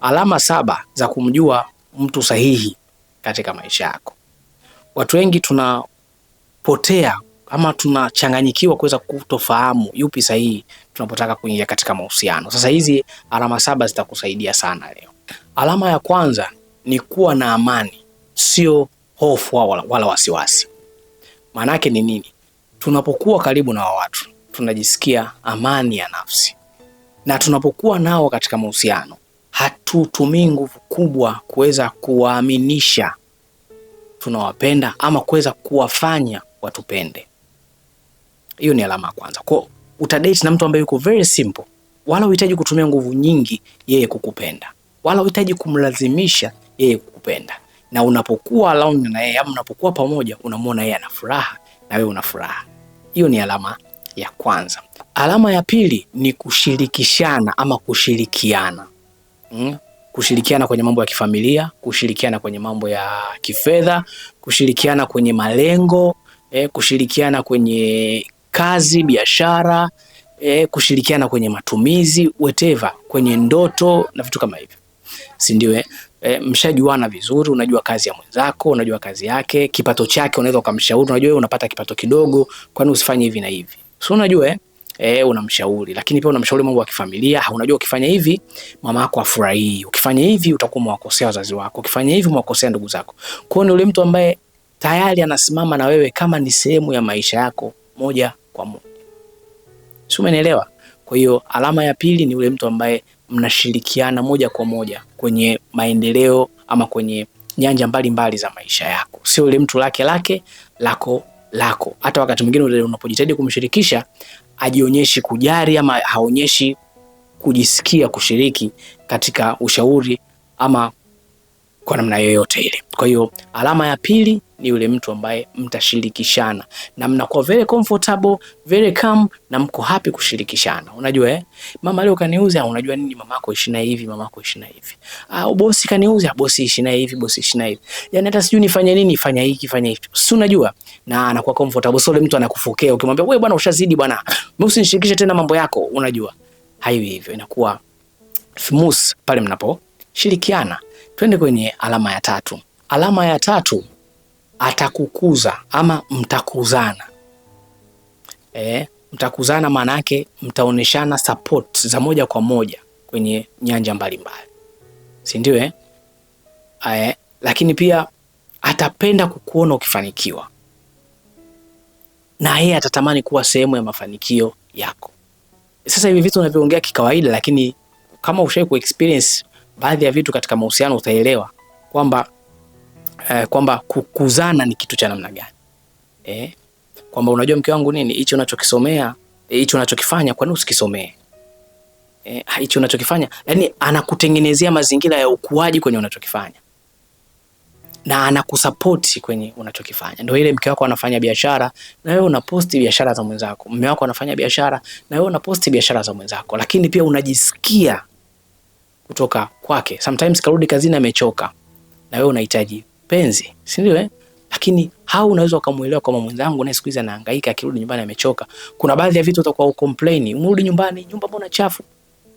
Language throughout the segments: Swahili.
Alama saba za kumjua mtu sahihi katika maisha yako. Watu wengi tunapotea ama tunachanganyikiwa kuweza kutofahamu yupi sahihi tunapotaka kuingia katika mahusiano. Sasa hizi alama saba zitakusaidia sana leo. Alama ya kwanza ni kuwa na amani, sio hofu wala wasiwasi. Maana yake ni nini? Tunapokuwa karibu na watu tunajisikia amani ya nafsi, na tunapokuwa nao katika mahusiano hatutumii nguvu kubwa kuweza kuwaaminisha tunawapenda ama kuweza kuwafanya watupende. Hiyo ni alama ya kwanza. ko utadate na mtu ambaye yuko very simple, wala uhitaji kutumia nguvu nyingi yeye kukupenda, wala uhitaji kumlazimisha yeye kukupenda. Na unapokuwa alone na yeye ama unapokuwa pamoja, unamwona yeye ana furaha na wewe una furaha. Hiyo ni alama ya kwanza. Alama ya pili ni kushirikishana ama kushirikiana mm, kushirikiana kwenye mambo ya kifamilia, kushirikiana kwenye mambo ya kifedha, kushirikiana kwenye malengo eh, kushirikiana kwenye kazi, biashara eh, kushirikiana kwenye matumizi, whatever, kwenye ndoto na vitu kama hivyo, si ndio? Eh? E, mshajuana vizuri, unajua kazi ya mwenzako, unajua kazi yake, kipato chake, unaweza ukamshauri, unajua wewe unapata kipato kidogo, kwani usifanye hivi na hivi, so unajua eh? eh, unamshauri, lakini pia unamshauri mambo ya kifamilia. Unajua ukifanya hivi mama yako afurahii, ukifanya hivi utakuwa mwakosea wazazi wako, ukifanya hivi mwakosea ndugu zako. Kwa hiyo ni yule mtu ambaye tayari anasimama na wewe kama ni sehemu ya maisha yako moja kwa moja, si umenielewa? Kwa hiyo alama ya pili ni yule mtu ambaye mnashirikiana moja kwa moja kwenye maendeleo ama kwenye nyanja mbalimbali mbali za maisha yako, sio yule mtu lake lake lako lako. Hata wakati mwingine unapojitahidi kumshirikisha ajionyeshi kujari ama haonyeshi kujisikia kushiriki katika ushauri ama kwa namna yoyote ile. Kwa hiyo alama ya pili ni yule mtu ambaye mtashirikishana na mnakuwa very comfortable, very calm na mko happy kushirikishana. Unajua eh? Mama leo kaniuza, unajua nini mamako ishina hivi, mamako ishina hivi. Ah, bosi kaniuza, bosi ishina hivi, bosi ishina hivi. Yaani hata sijui nifanye nini, fanya hiki, fanya hivi. Si unajua? Na anakuwa comfortable, sio mtu anakufokea ukimwambia wewe bwana ushazidi bwana. Mimi usinishirikishe tena mambo yako, unajua. Haiwi hivyo, inakuwa smooth pale mnapo shirikiana. Twende kwenye alama ya tatu. Alama ya tatu atakukuza ama mtakuzana. E, mtakuzana maana yake mtaoneshana support za moja kwa moja kwenye nyanja mbalimbali, si ndio? Eh? eh, lakini pia atapenda kukuona ukifanikiwa na yeye atatamani kuwa sehemu ya mafanikio yako. Sasa hivi vitu unavyoongea kikawaida, lakini kama ushai ku experience baadhi ya vitu katika mahusiano utaelewa kwamba eh, kwamba kukuzana ni kitu cha namna gani eh? Kwamba unajua mke wangu nini hichi unachokisomea hichi unachokifanya kwa nini usikisomee eh, hichi eh, unachokifanya yani, anakutengenezea mazingira ya ukuaji kwenye unachokifanya na anakusapoti kwenye unachokifanya. Ndio ile mke wako anafanya biashara na wewe unaposti biashara za mwenzako, mume wako anafanya biashara na wewe unaposti biashara za mwenzako, lakini pia unajisikia kutoka kwake. Sometimes karudi kazini amechoka, na wewe unahitaji penzi, si ndio eh? Lakini hao unaweza ukamuelewa kama mwenzangu na siku hizi anahangaika, akirudi nyumbani amechoka. Kuna baadhi ya vitu utakuwa ukomplaini, umrudi nyumbani, nyumba mbona chafu?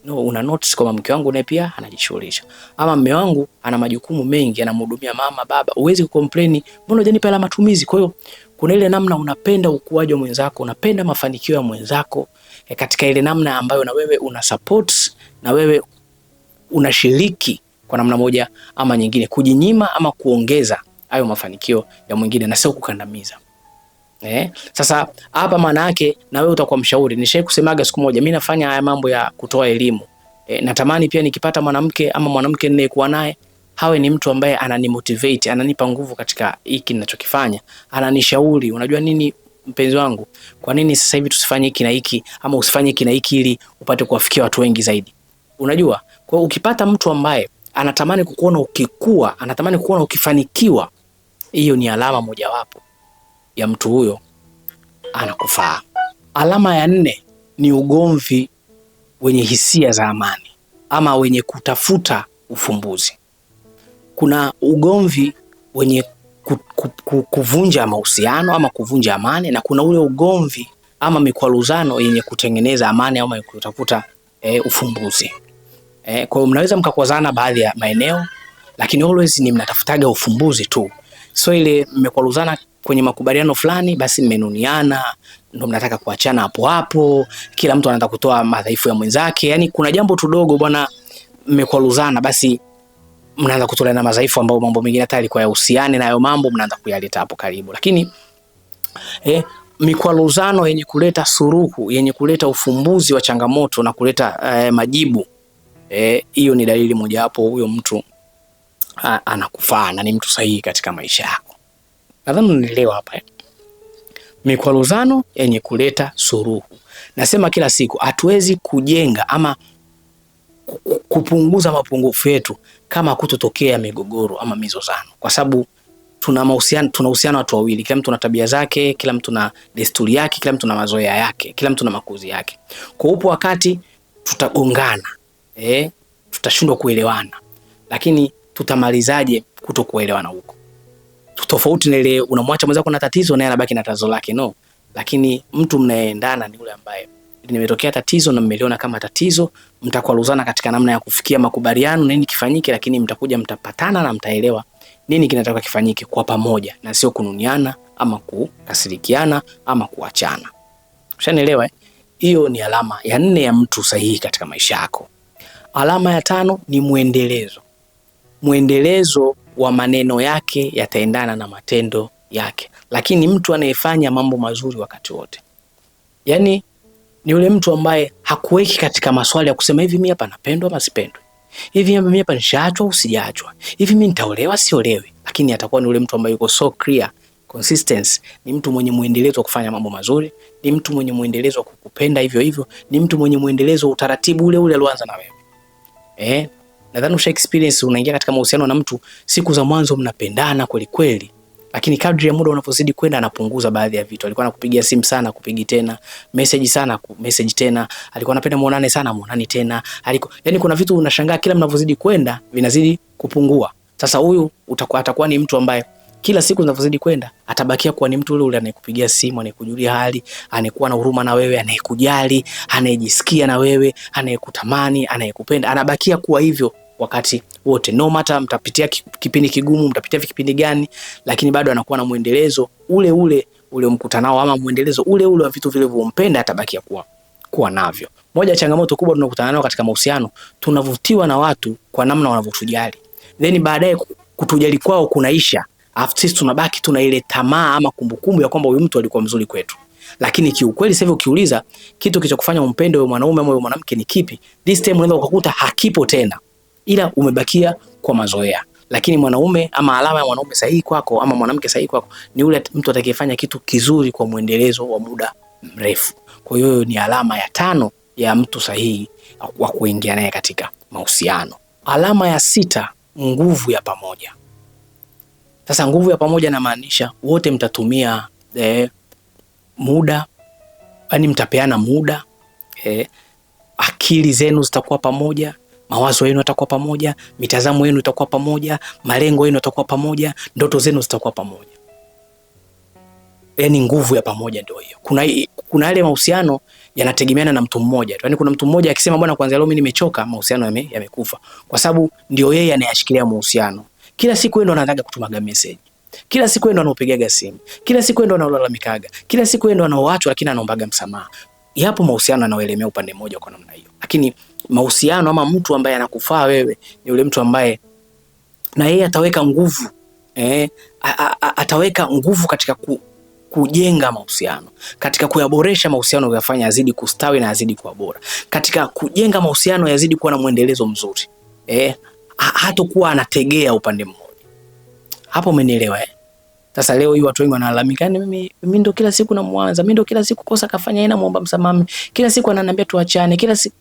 No, una notice kwamba mke wangu naye pia anajishughulisha, ama mme wangu ana majukumu mengi, anamhudumia mama, baba. uwezi kucomplain, mbona hujanipa hela matumizi? Kwa hiyo kuna ile namna unapenda ukuaji wa mwenzako, unapenda mafanikio ya mwenzako eh, katika ile namna ambayo na wewe una support na wewe unashiriki kwa namna moja ama nyingine kujinyima ama kuongeza hayo mafanikio ya mwingine na sio kukandamiza. Eh, sasa hapa maana yake na wewe utakuwa mshauri. Nishai kusemaga siku moja, mimi nafanya haya mambo ya kutoa elimu eh, natamani pia nikipata mwanamke ama mwanamke ninayekuwa naye hawe ni mtu ambaye ananimotivate, ananipa nguvu katika hiki ninachokifanya, ananishauri, unajua nini mpenzi wangu, kwa nini sasa hivi tusifanye hiki na hiki ama usifanye hiki na hiki ili upate kuwafikia watu wengi zaidi. Unajua kwa ukipata mtu ambaye anatamani kukuona ukikua, anatamani kukuona ukifanikiwa, hiyo ni alama mojawapo ya mtu huyo anakufaa. Alama ya nne ni ugomvi wenye hisia za amani ama wenye kutafuta ufumbuzi. Kuna ugomvi wenye ku, ku, ku, kuvunja mahusiano ama kuvunja amani, na kuna ule ugomvi ama mikwaruzano yenye kutengeneza amani ama kutafuta eh, ufumbuzi. Eh, kwa hiyo mnaweza mkakwazana baadhi ya maeneo, lakini always ni mnatafutaga ufumbuzi tu, so ile mmekwaruzana kwenye makubaliano fulani, basi mmenuniana, ndo mnataka kuachana hapo hapo, kila mtu anataka kutoa madhaifu ya mwenzake. Yani kuna jambo tudogo bwana, mmekwaruzana, basi mnaanza kutolea na madhaifu ambayo mambo mengine hata yalikuwa yahusiane na hayo mambo, mnaanza kuyaleta hapo karibu. Lakini eh, mikwaruzano yenye kuleta suruhu, yenye kuleta ufumbuzi wa changamoto na kuleta eh, majibu E, hiyo e, ni dalili mojawapo huyo mtu anakufaa na ni mtu sahihi katika maisha yako. Nadhani unielewa hapa eh? Mikwaruzano yenye kuleta suruhu. Nasema kila siku hatuwezi kujenga ama kupunguza mapungufu yetu kama kutotokea migogoro ama mizozano, kwa sababu tuna mahusiano, tuna uhusiano watu wawili, kila mtu na tabia zake, kila mtu na desturi yake, kila mtu na mazoea yake, kila mtu na makuzi yake. Kwa upo wakati tutagongana eh, tutashindwa kuelewana, lakini tutamalizaje kuto kuelewana huko? Tofauti na ile unamwacha mwenzako na tatizo naye anabaki na tatizo lake, no. Lakini mtu mnayeendana ni yule ambaye nimetokea tatizo na mmeliona kama tatizo, mtakwaruzana katika namna ya kufikia makubaliano, nini kifanyike, lakini mtakuja mtapatana na mtaelewa nini kinataka kifanyike kwa pamoja, na sio kununiana ama kukasirikiana ama kuachana. Ushanielewa? Eh? Hiyo eh? Ni alama ya nne ya mtu sahihi katika maisha yako. Alama ya tano ni mwendelezo. Mwendelezo wa maneno yake yataendana na matendo yake, lakini mtu anayefanya mambo mazuri wakati wote, yaani ni yule mtu ambaye hakuweki katika maswali ya kusema hivi, mimi hapa napendwa ama sipendwi, hivi mimi hapa nishaachwa au sijaachwa, hivi mimi nitaolewa siolewe, lakini atakuwa ni yule mtu ambaye yuko so clear consistency ni mtu mwenye mwendelezo wa kufanya mambo mazuri, ni mtu mwenye mwendelezo wa kukupenda hivyo hivyo, ni mtu mwenye mwendelezo wa utaratibu ule ule alioanza na wewe eh? Nadhani usha experience unaingia katika mahusiano na mtu, siku za mwanzo mnapendana kweli kweli, lakini kadri ya muda unavyozidi kwenda anapunguza baadhi ya vitu. Alikuwa anakupigia simu sana, kupigi tena, message sana, message tena, alikuwa anapenda muonane sana, muonane tena, Aliko, yani, kuna vitu unashangaa kila mnavyozidi kwenda vinazidi kupungua. Sasa huyu atakuwa ni mtu ambaye kila siku zinavyozidi kwenda atabakia kuwa ni mtu ule ule anayekupigia simu, anayekujulia hali, anayekuwa na huruma na wewe, anayekujali, anayejisikia na wewe, anayekutamani, anayekupenda, anabakia kuwa hivyo wakati wote. No matter mtapitia kipindi kigumu, mtapitia kipindi gani, lakini bado anakuwa na mwendelezo ule ule uliomkuta nao, ama mwendelezo ule ule wa vitu vile vilivyompenda, atabakia kuwa kuwa navyo. Moja ya changamoto kubwa tunakutana nayo katika mahusiano, tunavutiwa na watu kwa namna wanavyotujali, then baadaye kutujali kwao kunaisha afu sisi tunabaki tuna ile tamaa ama kumbukumbu ya kwamba huyu mtu alikuwa mzuri kwetu, lakini kiukweli sasa hivi ukiuliza kitu kilichokufanya umpende wewe mwanaume ama wewe mwanamke ni kipi, this time unaweza ukakuta hakipo tena, ila umebakia kwa mazoea. Lakini mwanaume ama alama ya mwanaume sahihi kwako ama mwanamke sahihi kwako ni yule mtu atakayefanya kitu kizuri kwa mwendelezo wa muda mrefu. Kwa hiyo ni alama ya tano ya mtu sahihi wa kuingia naye katika mahusiano. Alama ya sita, nguvu ya pamoja. Sasa nguvu ya pamoja namaanisha wote mtatumia eh, muda yani mtapeana muda eh, akili zenu zitakuwa pamoja, mawazo yenu yatakuwa pamoja, mitazamo yenu itakuwa pamoja, malengo yenu yatakuwa pamoja, ndoto zenu zitakuwa pamoja. Yani nguvu ya pamoja ndio hiyo. Kuna kuna yale mahusiano yanategemeana na mtu mmoja tu. Yani kuna mtu mmoja akisema bwana, kwanza leo mimi nimechoka, mahusiano yamekufa, yame kwa sababu ndio yeye anayashikilia mahusiano. Kila siku yeye ndo anataka kutumaga message. Kila siku yeye ndo anaopigaga simu. Kila siku yeye ndo anaolalamikaga. Kila siku yeye ndo anaoachwa lakini anaombaga msamaha. Yapo mahusiano yanaoelemea upande mmoja kwa namna hiyo. Lakini mahusiano ama mtu ambaye anakufaa wewe ni yule mtu ambaye na yeye ataweka nguvu eh, ataweka nguvu katika ku, kujenga mahusiano katika kuyaboresha mahusiano, kuyafanya yazidi kustawi na yazidi kuwa bora, katika kujenga mahusiano yazidi kuwa na mwendelezo mzuri eh, hatokuwa anategea upande mmoja. Hapo umenielewa eh? Sasa leo hii watu wengi wanalalamika, yani mimi mimi ndo kila siku namuanza, mimi ndo kila siku kosa kafanya ina muomba msamaha, kila siku ananiambia tuachane, kila siku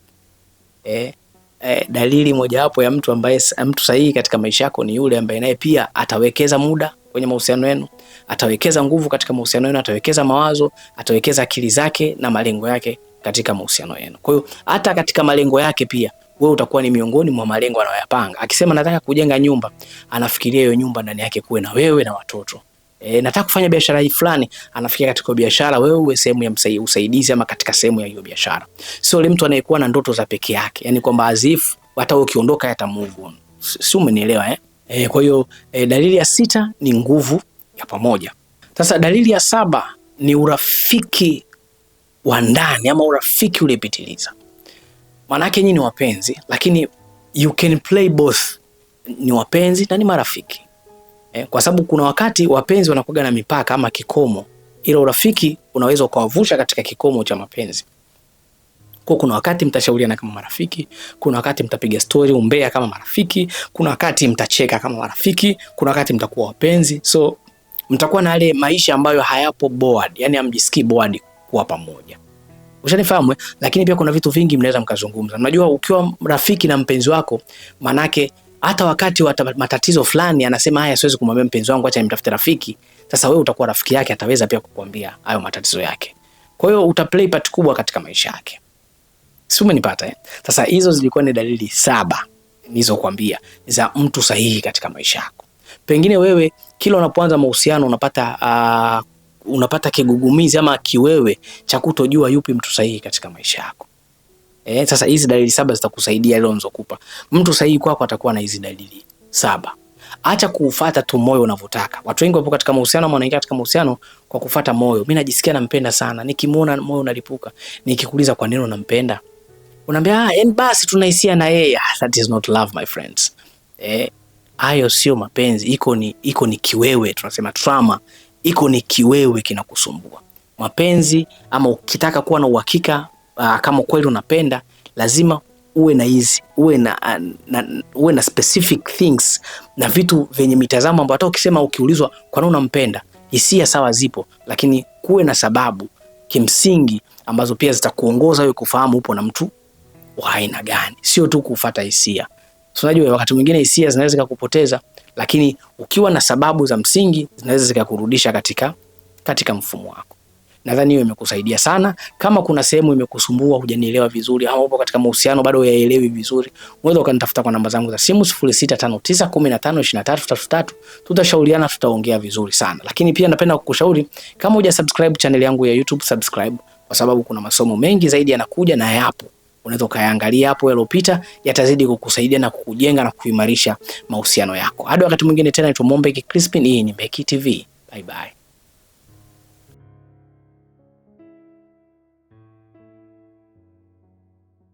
eh, eh, dalili mojawapo ya mtu ambaye mtu sahihi katika maisha yako ni yule ambaye naye pia atawekeza muda kwenye mahusiano yenu, atawekeza nguvu katika mahusiano yenu, atawekeza mawazo, atawekeza akili zake na malengo yake katika mahusiano yenu. Kwa hiyo hata katika malengo yake pia wewe utakuwa ni miongoni mwa malengo anayoyapanga. Akisema nataka kujenga nyumba, anafikiria hiyo nyumba ndani yake kuwe na wewe na watoto. E, nataka kufanya biashara hii fulani, anafikiria katika biashara wewe uwe sehemu ya msaidizi, usaidizi ama katika sehemu ya hiyo biashara. Sio ile mtu anayekuwa na ndoto za peke yake, yani kwamba azifu hata ukiondoka hata move on. Si umenielewa eh? E, kwa hiyo e, dalili ya sita ni nguvu ya pamoja. Sasa dalili ya saba ni urafiki wa ndani ama urafiki uliopitiliza. Maanake nyinyi ni wapenzi, lakini you can play both, ni wapenzi na ni marafiki eh, kwa sababu kuna wakati wapenzi wanakuwa na mipaka ama kikomo, ila urafiki unaweza ukawavusha katika kikomo cha mapenzi. Kwa kuna wakati mtashauriana kama marafiki, kuna wakati mtapiga stori umbea kama marafiki, kuna wakati mtacheka kama marafiki, kuna wakati mtakuwa wapenzi. So mtakuwa na yale maisha ambayo hayapo board, yani amjisikii board kuwa pamoja. Ushanifahamu? Eh? Lakini pia kuna vitu vingi mnaweza mkazungumza. Unajua, ukiwa rafiki na mpenzi wako, manake hata wakati wa matatizo fulani anasema haya, siwezi kumwambia mpenzi wangu, acha nimtafute rafiki. Sasa wewe utakuwa rafiki yake, ataweza pia kukuambia hayo matatizo yake. Kwa hiyo uta play part kubwa katika maisha yake, si umenipata eh? Sasa hizo zilikuwa ni dalili saba nilizokuambia za mtu sahihi katika maisha yako. Pengine wewe kila unapoanza mahusiano unapata uh, unapata kigugumizi ama kiwewe cha kutojua yupi mtu sahihi katika maisha yako. Eh, sasa hizi dalili saba zitakusaidia leo nzokupa. Mtu sahihi kwako atakuwa na hizi dalili saba. Acha kuufuata tu moyo unavyotaka. Watu wengi wapo katika mahusiano ama wanaingia katika mahusiano kwa kufuata moyo. Mimi najisikia nampenda sana. Nikimuona moyo unalipuka. Nikikuuliza kwa nini unampenda? Unaambia ah, yani basi tunahisia na yeye. Ah, that is not love my friends. Eh, hayo sio mapenzi. Iko ni iko ni kiwewe tunasema trauma iko ni kiwewe kinakusumbua. Mapenzi ama ukitaka kuwa na uhakika uh, kama kweli unapenda lazima uwe na hizi uwe na, ah, na, uwe na specific things na vitu vyenye mitazamo ambayo hata ukisema ukiulizwa kwa nini unampenda, hisia sawa zipo, lakini kuwe na sababu kimsingi ambazo pia zitakuongoza wewe kufahamu upo na mtu wa aina gani, sio tu kufata hisia. Unajua wakati mwingine hisia zinaweza kukupoteza, lakini ukiwa na sababu za msingi zinaweza zikakurudisha katika, katika mfumo wako. Nadhani hiyo imekusaidia sana. Kama kuna sehemu imekusumbua, hujanielewa vizuri, au upo katika mahusiano bado huyaelewi vizuri, unaweza ukanitafuta kwa namba zangu za simu 0659152333 tutashauriana, tutaongea vizuri sana. Lakini pia napenda kukushauri kama hujasubscribe channel yangu ya YouTube, subscribe kwa sababu kuna masomo mengi zaidi yanakuja na yapo unaweza ukayaangalia hapo yaliyopita, yatazidi kukusaidia na kukujenga na kuimarisha mahusiano yako. Hadi wakati mwingine tena, naitwa Mombeki Crispin, hii ni Mbeki TV. Bye bye.